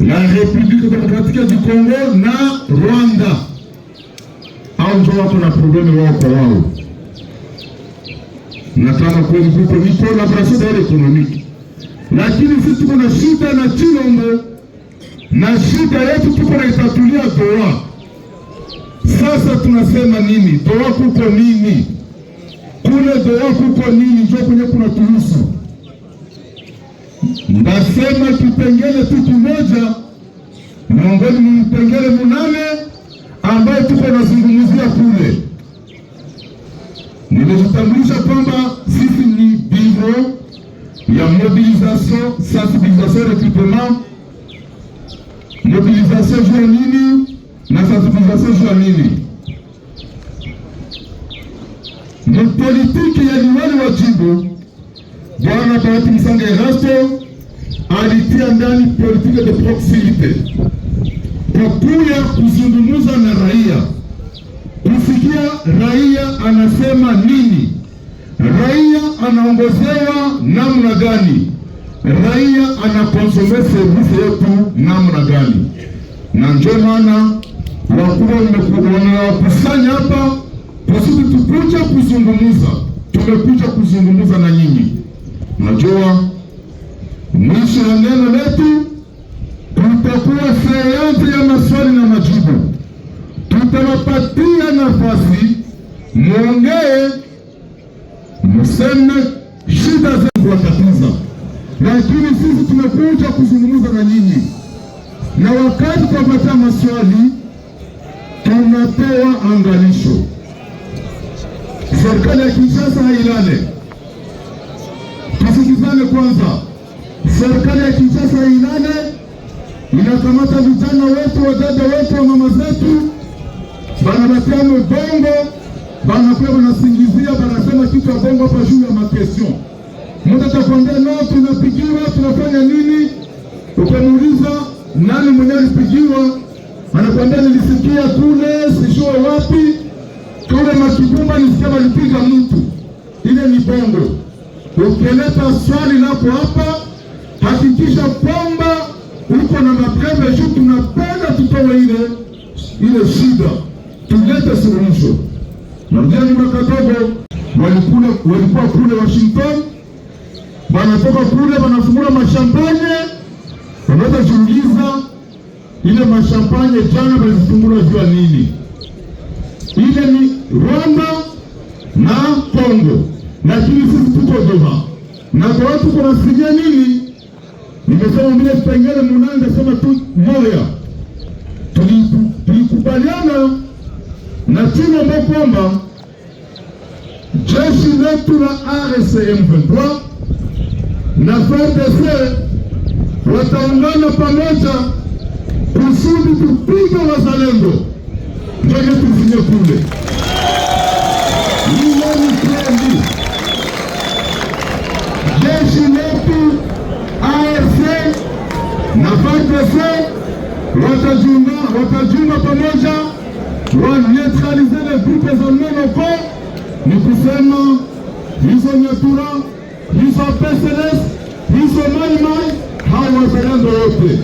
la République Démocratique du Congo na Rwanda. Au ndio wako na problemu wao kwa wao, na kama niko na brasida ekonomiki, lakini sisi tuko na shida na Chilombo na shida yetu tuko na itatulia doa. Sasa tunasema nini? Doa kuko nini? Kule doa kuko nini? Ndio kwenye kuna tuhusu ndasema kipengele tu kimoja miongoni mwa vipengele munane ambayo tuko nazungumzia kule. Nilijitambulisha kwamba sisi ni biro ya mobilisation sensibilisation recrutement. Mobilisation juu ya nini na sensibilisation juu ya nini? Ni politiki ya liwali wa jimbo Bwana Bahati Msange Erasto alitia ndani politique de proximite kwa kuya kuzungumza na raia, kusikia raia anasema nini, raia anaongozewa namna gani, raia anakonsome service yetu namna gani. Na ndio maana wakuwa wanawakusanya hapa, kusudi tukuja kuzungumza, tumekuja kuzungumza na nyinyi Unajua, mwisho wa neno letu tutakuwa sayansi ya maswali na majibu. Tutawapatia nafasi muongee, museme shida zenu kuwatatiza, lakini sisi tumekuja kuzungumza na nyinyi, na wakati tunapatia maswali tunatoa angalisho. Serikali ya Kinshasa hailale tuungane kwanza. Serikali ya Kinshasa inane, inakamata vijana wetu, wadada wetu, wa mama zetu, banabatia mubongo, banakuya banasingizia, banasema kitu ya bongo hapa juu ya makestion. Mtu atakwambia no, tunapigiwa, tunafanya nini? Ukamuuliza nani mwenye alipigiwa, anakwambia nilisikia kule, sishua wapi, kule Makibumba nisikia walipiga mtu. Ile ni bongo Ukileta swali lako hapa, hakikisha kwamba uko na mapreve juu tunapenda tutoe ile ile shida, tulete suluhisho. Majani makatogo walikuwa kule Washington, wanatoka kule wanafungula mashampanye, wanaweza jiuliza ile mashampanye jana walizifungula jua nini? Ile ni Rwanda na Kongo lakini sisi tuko Doha na kwa watu kunasikia nini? Nimesema vile Spengele munane, sema tu moya, tulikubaliana na timu ambao kwamba jeshi letu la RCM 23 na FARDC wataungana pamoja kusudi tupiga wazalendo ndege tuzinye kule iweni kendi préfet watajumba watajumba pamoja waneutralize les groupes za locaux, Ni kusema hizo Nyatura, hizo PCLS, hizo Mai Mai, hao wazalendo wote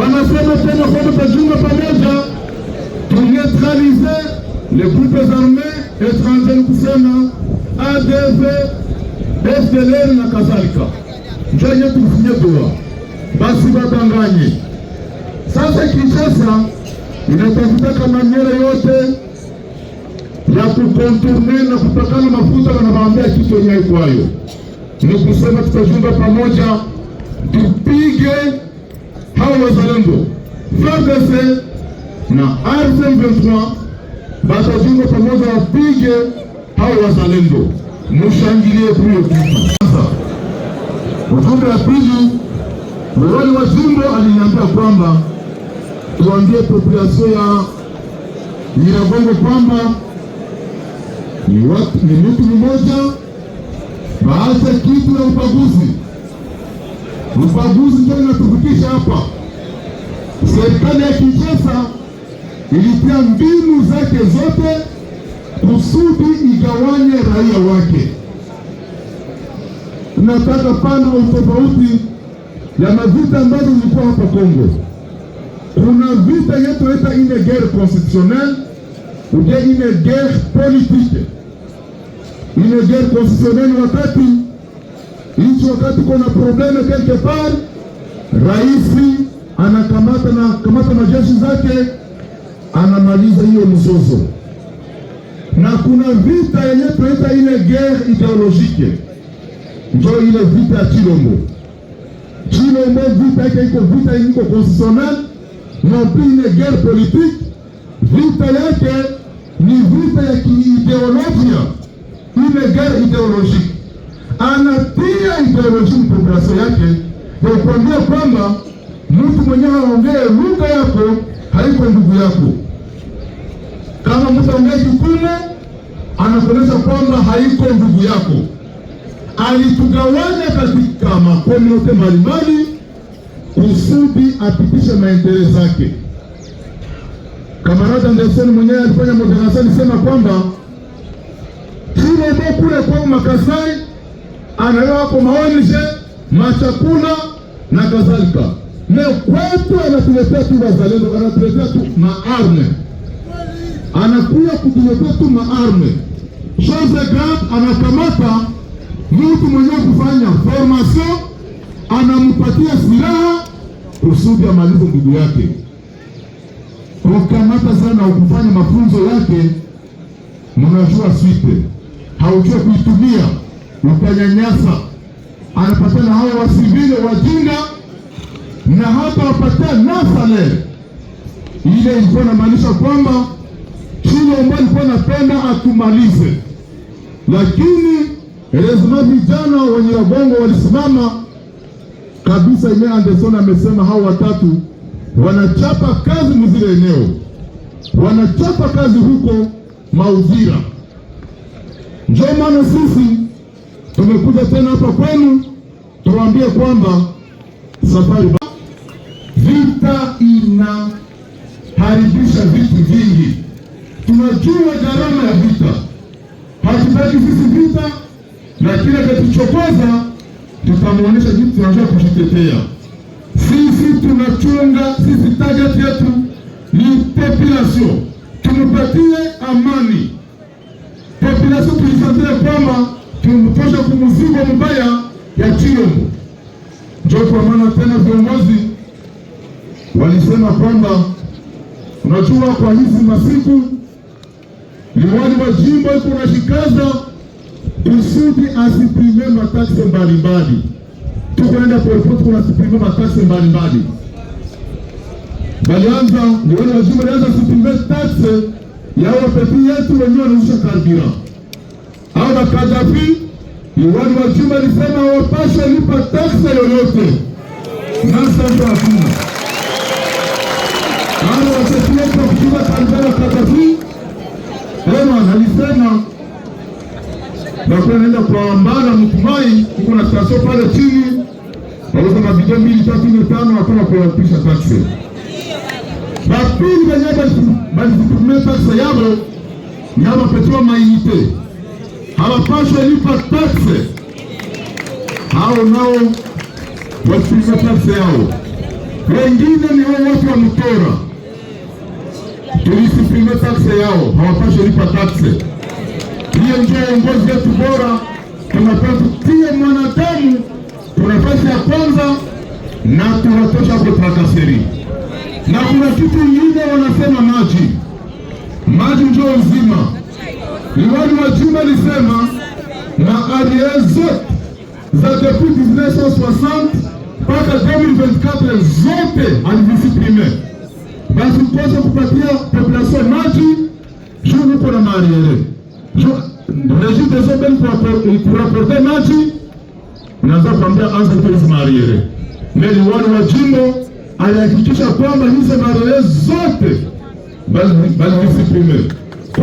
wanasema tena kwamba tajumba pamoja tuneutralize les groupes armés étrangers, ni kusema ADF, FDLR na kadhalika, njo yenye tufunye doa basi badanganye. Sasa Kinshasa inatafuta kama nyere yote ya kukonturne na kupakana mafuta, wanawaambia kitu yenye kwayo ni kusema tutajunga pamoja, tupige hao wazalendo FARDC na M23 batajunga pamoja, wapige hao wazalendo, mushangilie kuyo kitu. Sasa ujumbe wa pili Mwani wa jimbo aliniambia kwamba tuambie populasio ya Nyiragongo kwamba ni watu ni mtu mmoja, baacha kitu na ubaguzi. Ubaguzi ndio inatufikisha hapa. Serikali ya Kinshasa ilitia mbinu zake zote kusudi igawanye raia wake. Tunataka pana wa utofauti ya mavita ambayo ilikuwa hapa Kongo. Kuna vita yetoeta ine guerre constitutionnelle ou bien ine guerre politique. Ine guerre constitutionnelle, wakati hicho, wakati kuna probleme quelque part, raisi anakamata na kamata majeshi zake anamaliza hiyo mzozo, na kuna vita yenye tunaita ile guerre ideologique, njo ile vita ya Chilombo Chino ime vita yake iko vita iko constitutionnel na pia ine guerre politique. Vita yake ni vita ya kiideolojia, ile guerre ideolojiki. Anatia ideolojia mpopulasio yake ya kuambia kwamba mtu mwenyewe aongee lugha yako haiko ndugu yako. Kama mtu aongee Kikumu, anakuonyesha kwamba haiko ndugu yako alitugawanya katika makundi yote mbalimbali kusudi apitishe maendeleo zake. Kamarada Anderson mwenyewe alifanya moderation, alisema kwamba Kilobo kule kwa Makasai anayo hapo maonishe machakula na kadhalika, na kwetu anatuletea tu wazalendo, anatuletea tu maarme, anakuya kutuletea tu maarme chose grande anakamata mtu mwenye kufanya formation anampatia silaha kusudi amalize ndugu yake. Ukamata sana ukufanya mafunzo yake, mnajua swite, haujua kuitumia, ukanyanyasa, na hao wasivile wajinga, na hata wapatia nasale ile ilikuwa namaanisha kwamba shule ambayo alikuwa anapenda atumalize, lakini Lazima vijana wenye wabongo walisimama kabisa. Ine Anderson amesema hao watatu wanachapa kazi mzile eneo, wanachapa kazi huko Mauzira. Ndio maana sisi tumekuja tena hapa kwenu tuwaambie kwamba safari vita haribisha vitu vingi. Tunajua gharama ya vita, hatutaki sisi vita na kile kituchokoza tutamwonyesha jinsi tunajua kushitetea. Sisi tunachunga, sisi target yetu ni population, tumpatie amani population. Tulisantile kwamba tumtosha kumzigo mbaya ya Chiyombo. Ndio kwa maana tena viongozi walisema kwamba unajua, kwa hizi masiku liwali wa jimbo iko shikaza kusudi asiprime mataksi mbalimbali. Tukwenda kuripoti kuna asiprime mataksi mbalimbali, walianza ni wale wajumbe walianza asiprime taksi ya wapeti yetu wenyewe wanausha karbira au makadafi ni wale wajumbe walisema wapashe lipa taksi yoyote nasasa hakuna hao wapeti yetu wakuchuma karbira wakadafi ema alisema nakuwa naenda kupambana Mtumai huko na staso pale chini, walikuwa na video mbili tatu nne tano, wakawa kuwapisha taksi bapili benye balizitumia taksi yabo yabapetiwa mainite, hawapaswe lipa taksi hao nao wakitumia taksi yao. Wengine ni wao watu wa mtora, tulisipime taksi yao, hawapaswe lipa taksi hiyo ndio uongozi wetu bora. Tunapatia mwanadamu nafasi ya kwanza na tunatosha kutrakaseri. Na kuna kitu ingine wanasema maji, maji ndio uzima. Liwali wa Juma lisema na arie zote za depuis 1960 mpaka 2024 zote alivisiprime. Basi upose kupatia population maji juu huko na maariere On agit des aubaines pour apporter, pour apporter maji naanza kuambia anza tuzi mariere meli wani wa jimbo alihakikisha kwamba hizi mariere zote balidisiprime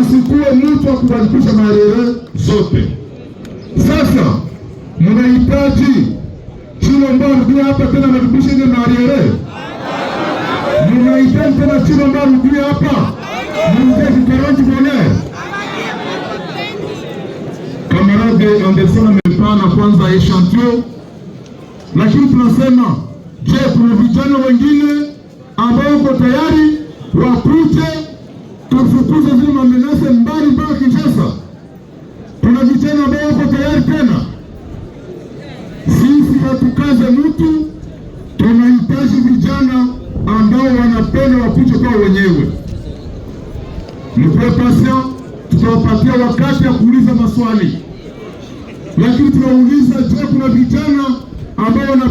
usikuwe mtu wa kubalikisha mariere zote. Sasa mnahitaji chino mbao rudia hapa tena nabikisha ile mariere, mnahitaji tena chino mbao rudia hapa Anderson amepana kwanza eshantio, lakini tunasema je, kuna vijana wengine ambao wako tayari wapite tufukuze zile mamenase mbali mpaka Kinshasa? Kuna vijana ambao wako tayari tena? Sisi hatukaze mtu, tunahitaji vijana ambao wanapenda wapite kwao wenyewe. Mkuwe pasia, tutawapatia wakati ya kuuliza maswali lakini tunauliza, je, kuna vijana ambao wana